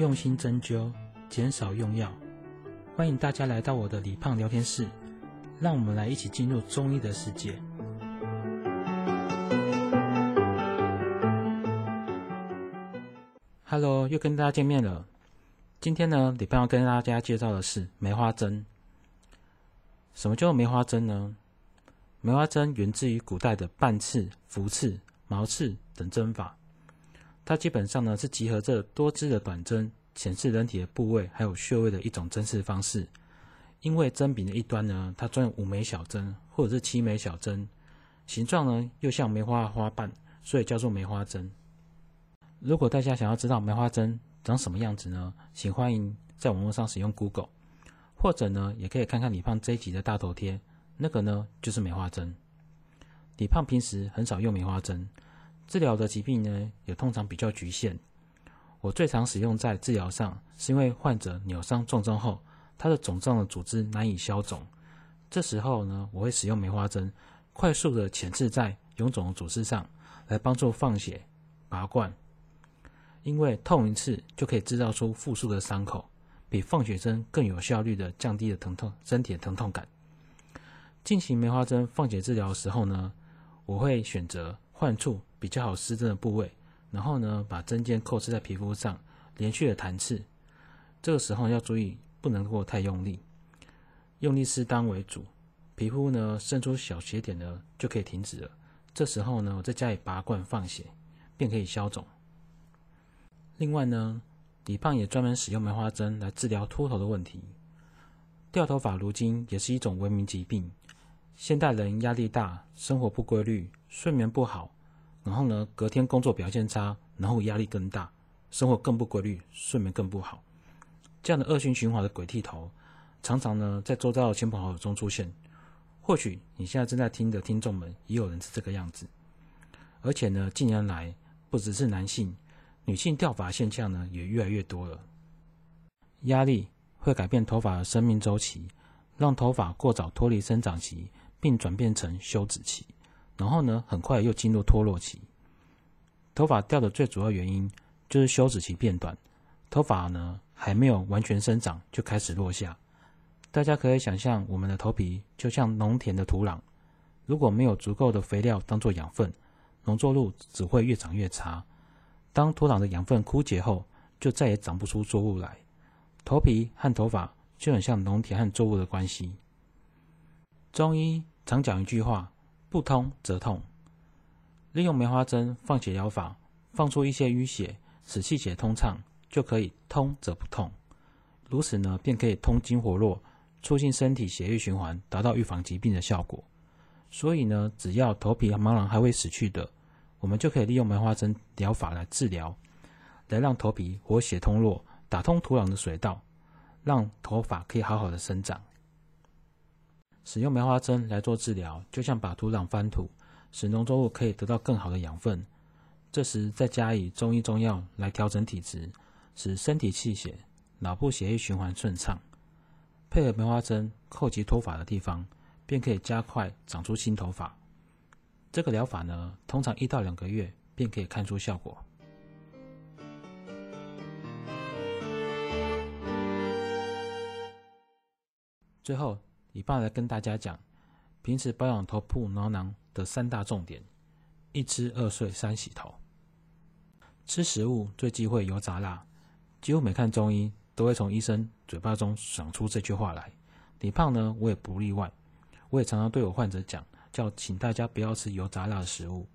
用心針灸，減少用藥。歡迎大家來到我的李胖聊天室，讓我們來一起進入中醫的世界。Hello，又跟大家見面了。今天呢，李胖要跟大家介紹的是梅花針。什麼叫梅花針呢？梅花針源自於古代的半刺、浮刺、毛刺等針法。它基本上呢是集合著多支的短針，顯示人體的部位還有穴位的一種針刺方式。因為針柄的一端呢，它裝有五枚小針或者是七枚小針，形狀呢又像梅花花瓣，所以叫做梅花針。如果大家想要知道梅花針長什麼樣子呢，請歡迎在網絡上使用 Google，或者呢也可以看看李胖這一集的大頭貼，那個呢就是梅花針。李胖平時很少用梅花針。治療的疾病呢，也通常比較侷限。我最常使用在治療上，是因為患者扭傷、撞傷後，他的腫脹的組織難以消腫。這時候呢，我會使用梅花針，快速的淺刺在臃腫的組織上，來幫助放血、拔罐。因為痛一次就可以製造出複數的傷口，比放血針更有效率的降低了疼痛身體的疼痛感。進行梅花針放血治療的時候呢，我會選擇患處，比較好施針的部位，然後呢，把針尖扣刺在皮膚上，連續的彈刺。這個時候要注意，不能夠太用力，用力適當為主。皮膚呢滲出小血點呢，就可以停止了。這時候呢，我在家裡拔罐放血，便可以消腫。另外呢，李胖也專門使用梅花針來治療禿頭的問題。掉頭髮如今也是一種文明疾病。現代人壓力大，生活不規律，睡眠不好。然後呢，隔天工作表現差，然後壓力更大，生活更不規律，睡眠更不好，這樣的惡性循環的鬼剃頭，常常呢在周遭的親朋好友中出現。或許你現在正在聽的聽眾們，也有人是這個樣子。而且呢，近年來不只是男性，女性掉髮現象呢也越來越多了。壓力會改變頭髮的生命周期，讓頭髮過早脫離生長期，並轉變成休止期。然後呢，很快又進入脫落期。頭髮掉的最主要原因就是休止期變短，頭髮呢還沒有完全生長就開始落下。大家可以想象我們的頭皮就像農田的土壤，如果沒有足夠的肥料當做養分，農作物只會越長越差。當土壤的養分枯竭後，就再也長不出作物來。頭皮和頭髮就很像農田和作物的關係。中醫常講一句話。不通則痛，利用梅花針放血療法，放出一些淤血，使氣血通暢，就可以通則不痛。如此呢，便可以通經活絡，促進身體血液循環，達到預防疾病的效果。所以呢，只要頭皮和毛囊還未死去的，我們就可以利用梅花針療法來治療，來讓頭皮活血通絡，打通土壤的水道，讓頭髮可以好好的生長。使用梅花針來做治療，就像把土壤翻土，使農作物可以得到更好的養分。這時再加以中醫中藥來調整體質，使身體氣血、腦部血液循環順暢，配合梅花針叩擊脫髮的地方，便可以加快長出新頭髮。這個療法呢，通常一到兩個月便可以看出效果。最後。李胖來跟大家講，平時保養頭部毛囊，囊的三大重點：一吃、二睡、三洗頭。吃食物最忌諱油炸辣，幾乎每看中醫，都會從醫生嘴巴中想出這句話來。李胖呢，我也不例外，我也常常對我患者講，叫請大家不要吃油炸辣的食物。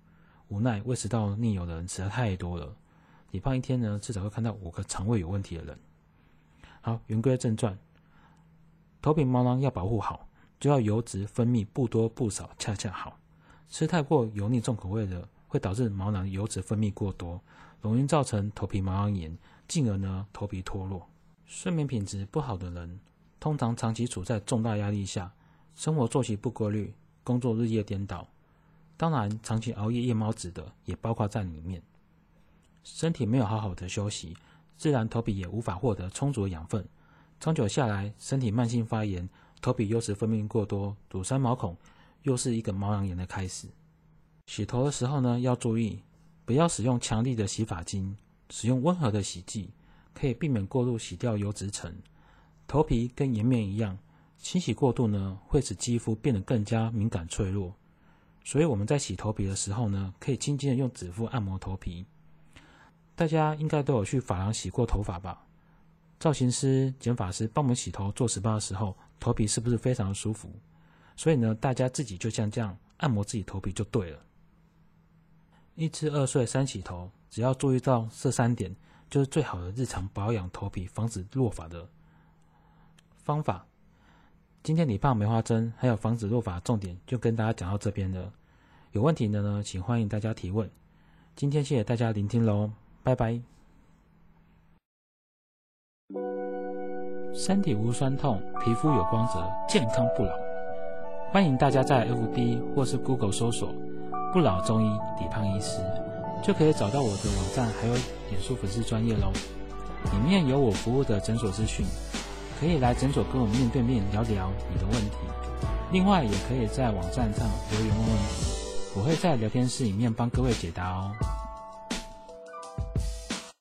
無奈，胃食道逆流的人實在太多了。李胖一天呢，至少會看到五個腸胃有問題的人。好，言歸正傳。頭皮毛囊要保護好，就要油脂分泌不多不少，恰恰好。吃太過油膩重口味的，會導致毛囊油脂分泌過多，容易造成頭皮毛囊炎，進而呢頭皮脫落。睡眠品質不好的人，通常長期處在重大壓力下，生活作息不規律，工作日夜顛倒，當然長期熬夜夜貓子的也包括在裡面。身體沒有好好的休息，自然頭皮也無法獲得充足的養分。長久下來，身體慢性發炎，頭皮油脂分泌過多，堵塞毛孔，又是一個毛囊炎的開始。洗頭的時候呢，要注意不要使用強力的洗髮精，使用溫和的洗劑，可以避免過度洗掉油脂層。頭皮跟顏面一樣，清洗過度呢，會使肌膚變得更加敏感脆弱。所以我們在洗頭皮的時候呢，可以輕輕的用指腹按摩頭皮。大家應該都有去髮廊洗過頭髮吧？造型師、剪髮師幫我們洗頭做 SPA 的時候，頭皮是不是非常的舒服？所以呢，大家自己就像這樣按摩自己頭皮就對了。一吃、二睡、三洗頭，只要注意到這三點，就是最好的日常保養頭皮、防止落髮的方法。今天你胖梅花針還有防止落髮重點，就跟大家講到這邊了。有問題的呢，請歡迎大家提問。今天謝謝大家聆聽嘍，拜拜。身體無痠痛，皮膚有光澤，健康不老。歡迎大家在 FB 或是 Google 搜索“不老中醫抵抗醫師”，就可以找到我的網站，還有臉書粉絲專頁咯。裡面有我服務的診所資訊，可以來診所跟我面對面聊聊你的問題。另外，也可以在網站上留言問問題，我會在聊天室裡面幫各位解答哦。